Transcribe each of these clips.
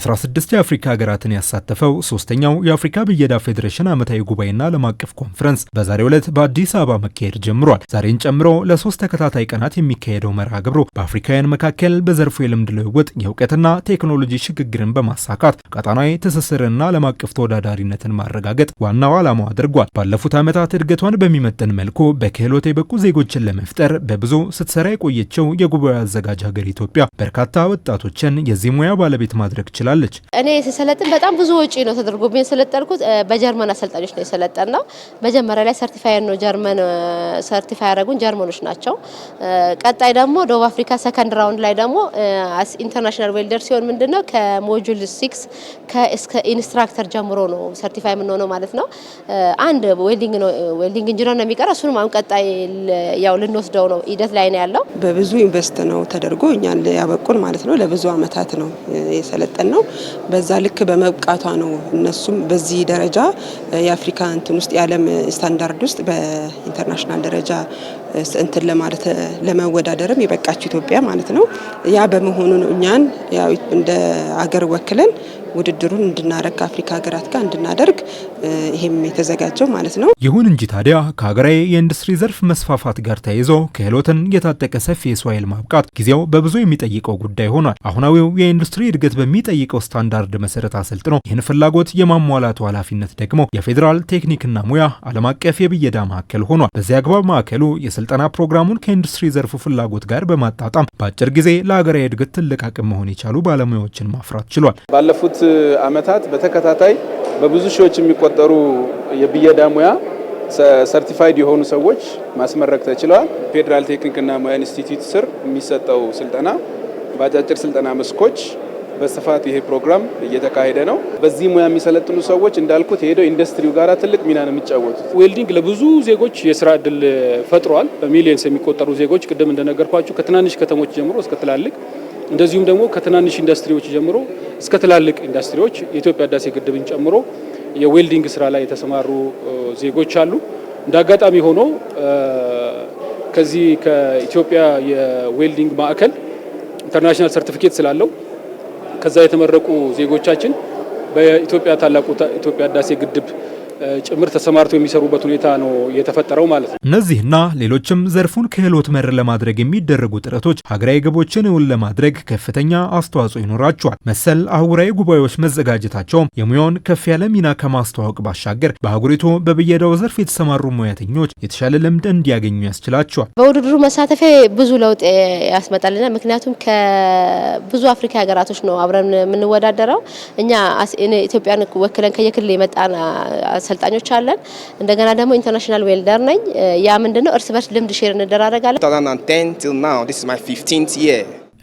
16 የአፍሪካ ሀገራትን ያሳተፈው ሶስተኛው የአፍሪካ ብየዳ ፌዴሬሽን ዓመታዊ ጉባኤና ዓለም አቀፍ ኮንፈረንስ በዛሬው ዕለት በአዲስ አበባ መካሄድ ጀምሯል። ዛሬን ጨምሮ ለሶስት ተከታታይ ቀናት የሚካሄደው መርሃ ግብሩ በአፍሪካውያን መካከል በዘርፉ የልምድ ልውውጥ የእውቀትና ቴክኖሎጂ ሽግግርን በማሳካት ቀጣናዊ ትስስርና ዓለም አቀፍ ተወዳዳሪነትን ማረጋገጥ ዋናው ዓላማው አድርጓል። ባለፉት ዓመታት እድገቷን በሚመጥን መልኩ በክህሎት የበቁ ዜጎችን ለመፍጠር በብዙ ስትሰራ የቆየችው የጉባኤው አዘጋጅ ሀገር ኢትዮጵያ በርካታ ወጣቶችን የዚህ ሙያ ባለቤት ማድረግ ችላል ትችላለች። እኔ ስሰለጥን በጣም ብዙ ወጪ ነው ተደርጎብኝ የሰለጠንኩት። በጀርመን አሰልጣኞች ነው የሰለጠን ነው። መጀመሪያ ላይ ሰርቲፋይ ነው ጀርመን ሰርቲፋይ ያደረጉን ጀርመኖች ናቸው። ቀጣይ ደግሞ ደቡብ አፍሪካ ሰከንድ ራውንድ ላይ ደግሞ ኢንተርናሽናል ዌልደር ሲሆን ምንድን ነው ከሞጁል ሲክስ እስከ ኢንስትራክተር ጀምሮ ነው ሰርቲፋይ የምንሆነው ማለት ነው። አንድ ዌልዲንግ ነው ዌልዲንግ ኢንጂነር ነው የሚቀረው። እሱንም አሁን ቀጣይ ያው ልንወስደው ነው ሂደት ላይ ነው ያለው። በብዙ ኢንቨስት ነው ተደርጎ እኛን ያበቁን ማለት ነው። ለብዙ አመታት ነው የሰለጠ መሰል ነው። በዛ ልክ በመብቃቷ ነው እነሱም በዚህ ደረጃ የአፍሪካ እንትን ውስጥ የዓለም ስታንዳርድ ውስጥ በኢንተርናሽናል ደረጃ እንትን ለማለት ለመወዳደርም የበቃችው ኢትዮጵያ ማለት ነው። ያ በመሆኑ እኛን እንደ አገር ወክለን ውድድሩን እንድናደርግ ከአፍሪካ ሀገራት ጋር እንድናደርግ ይሄም የተዘጋጀው ማለት ነው። ይሁን እንጂ ታዲያ ከሀገራዊ የኢንዱስትሪ ዘርፍ መስፋፋት ጋር ተያይዞ ክህሎትን የታጠቀ ሰፊ የሰው ኃይል ማብቃት ጊዜው በብዙ የሚጠይቀው ጉዳይ ሆኗል። አሁናዊው የኢንዱስትሪ እድገት በሚጠይቀው ስታንዳርድ መሰረት አሰልጥኖ ይህን ፍላጎት የማሟላቱ ኃላፊነት ደግሞ የፌዴራል ቴክኒክና ሙያ ዓለም አቀፍ የብየዳ ማዕከል ሆኗል። በዚህ አግባብ ማዕከሉ የስልጠና ፕሮግራሙን ከኢንዱስትሪ ዘርፉ ፍላጎት ጋር በማጣጣም በአጭር ጊዜ ለሀገራዊ እድገት ትልቅ አቅም መሆን የቻሉ ባለሙያዎችን ማፍራት ችሏል። ባለፉት ዓመታት በተከታታይ በብዙ ሺዎች የሚቆጠሩ የብየዳ ሙያ ሰርቲፋይድ የሆኑ ሰዎች ማስመረቅ ተችለዋል። ፌዴራል ቴክኒክና ሙያ ኢንስቲትዩት ስር የሚሰጠው ስልጠና በአጫጭር ስልጠና መስኮች በስፋት ይሄ ፕሮግራም እየተካሄደ ነው። በዚህ ሙያ የሚሰለጥኑ ሰዎች እንዳልኩት ሄደው ኢንዱስትሪው ጋር ትልቅ ሚና ነው የሚጫወቱት። ዌልዲንግ ለብዙ ዜጎች የስራ እድል ፈጥሯል። በሚሊየንስ የሚቆጠሩ ዜጎች ቅድም እንደነገርኳችሁ ከትናንሽ ከተሞች ጀምሮ እስከ ትላልቅ እንደዚሁም ደግሞ ከትናንሽ ኢንዱስትሪዎች ጀምሮ እስከ ትላልቅ ኢንዱስትሪዎች የኢትዮጵያ ህዳሴ ግድብን ጨምሮ የዌልዲንግ ስራ ላይ የተሰማሩ ዜጎች አሉ። እንደ አጋጣሚ ሆኖ ከዚህ ከኢትዮጵያ የዌልዲንግ ማዕከል ኢንተርናሽናል ሰርቲፊኬት ስላለው ከዛ የተመረቁ ዜጎቻችን በኢትዮጵያ ታላቁ ኢትዮጵያ ህዳሴ ግድብ ጭምር ተሰማርተው የሚሰሩበት ሁኔታ ነው የተፈጠረው ማለት ነው። እነዚህና ሌሎችም ዘርፉን ክህሎት መር ለማድረግ የሚደረጉ ጥረቶች ሀገራዊ ግቦችን እውን ለማድረግ ከፍተኛ አስተዋጽኦ ይኖራቸዋል። መሰል አህጉራዊ ጉባኤዎች መዘጋጀታቸውም የሙያውን ከፍ ያለ ሚና ከማስተዋወቅ ባሻገር በአህጉሪቱ በብየዳው ዘርፍ የተሰማሩ ሙያተኞች የተሻለ ልምድ እንዲያገኙ ያስችላቸዋል። በውድድሩ መሳተፌ ብዙ ለውጥ ያስመጣልና ምክንያቱም ከብዙ አፍሪካ ሀገራቶች ነው አብረን የምንወዳደረው እኛ ኢትዮጵያን ወክለን ከየክልል የመጣ አሰልጣኞች አለን። እንደገና ደግሞ ኢንተርናሽናል ዌልደር ነኝ። ያ ምንድነው እርስ በርስ ልምድ ሼር እንደራረጋለን።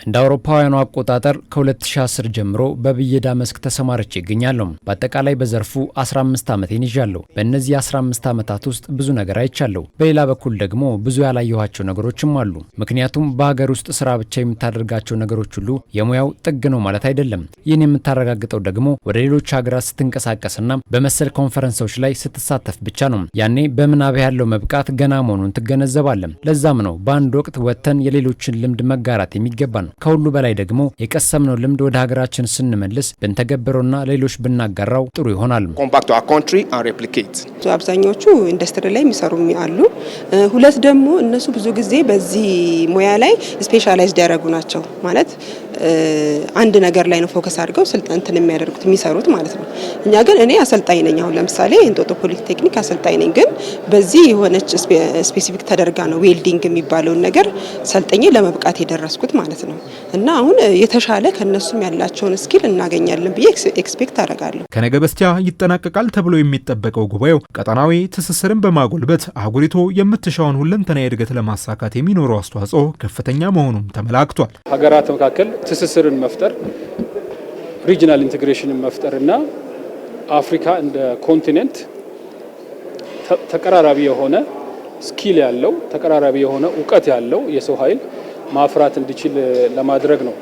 እንደ አውሮፓውያኑ አቆጣጠር ከ2010 ጀምሮ በብየዳ መስክ ተሰማርቼ ይገኛለሁ። በአጠቃላይ በዘርፉ 15 ዓመቴን ይዣለሁ። በእነዚህ 15 ዓመታት ውስጥ ብዙ ነገር አይቻለሁ። በሌላ በኩል ደግሞ ብዙ ያላየኋቸው ነገሮችም አሉ። ምክንያቱም በሀገር ውስጥ ስራ ብቻ የምታደርጋቸው ነገሮች ሁሉ የሙያው ጥግ ነው ማለት አይደለም። ይህን የምታረጋግጠው ደግሞ ወደ ሌሎች ሀገራት ስትንቀሳቀስና በመሰል ኮንፈረንሶች ላይ ስትሳተፍ ብቻ ነው። ያኔ በምናብ ያለው መብቃት ገና መሆኑን ትገነዘባለን። ለዛም ነው በአንድ ወቅት ወጥተን የሌሎችን ልምድ መጋራት የሚገባ ነው። ነው። ከሁሉ በላይ ደግሞ የቀሰምነው ልምድ ወደ ሀገራችን ስንመልስ ብንተገብረውና ሌሎች ብናጋራው ጥሩ ይሆናል። አብዛኛዎቹ ኢንዱስትሪ ላይ የሚሰሩ አሉ። ሁለት ደግሞ እነሱ ብዙ ጊዜ በዚህ ሙያ ላይ ስፔሻላይዝድ ያደረጉ ናቸው ማለት አንድ ነገር ላይ ነው ፎከስ አድርገው ስልጠንትን የሚያደርጉት የሚሰሩት ማለት ነው። እኛ ግን እኔ አሰልጣኝ ነኝ። አሁን ለምሳሌ እንጦጦ ፖሊቴክኒክ አሰልጣኝ ነኝ። ግን በዚህ የሆነች ስፔሲፊክ ተደርጋ ነው ዌልዲንግ የሚባለውን ነገር ሰልጠኝ ለመብቃት የደረስኩት ማለት ነው። እና አሁን የተሻለ ከነሱም ያላቸውን ስኪል እናገኛለን ብዬ ኤክስፔክት አደርጋለሁ። ከነገ በስቲያ ይጠናቀቃል ተብሎ የሚጠበቀው ጉባኤው ቀጠናዊ ትስስርን በማጎልበት አህጉሪቱ የምትሻውን ሁለንተናዊ እድገት ለማሳካት የሚኖረው አስተዋጽኦ ከፍተኛ መሆኑም ተመላክቷል። ሀገራት መካከል ትስስርን መፍጠር ሪጅናል ኢንቴግሬሽንን መፍጠር እና አፍሪካ እንደ ኮንቲኔንት ተቀራራቢ የሆነ ስኪል ያለው ተቀራራቢ የሆነ እውቀት ያለው የሰው ኃይል ማፍራት እንዲችል ለማድረግ ነው።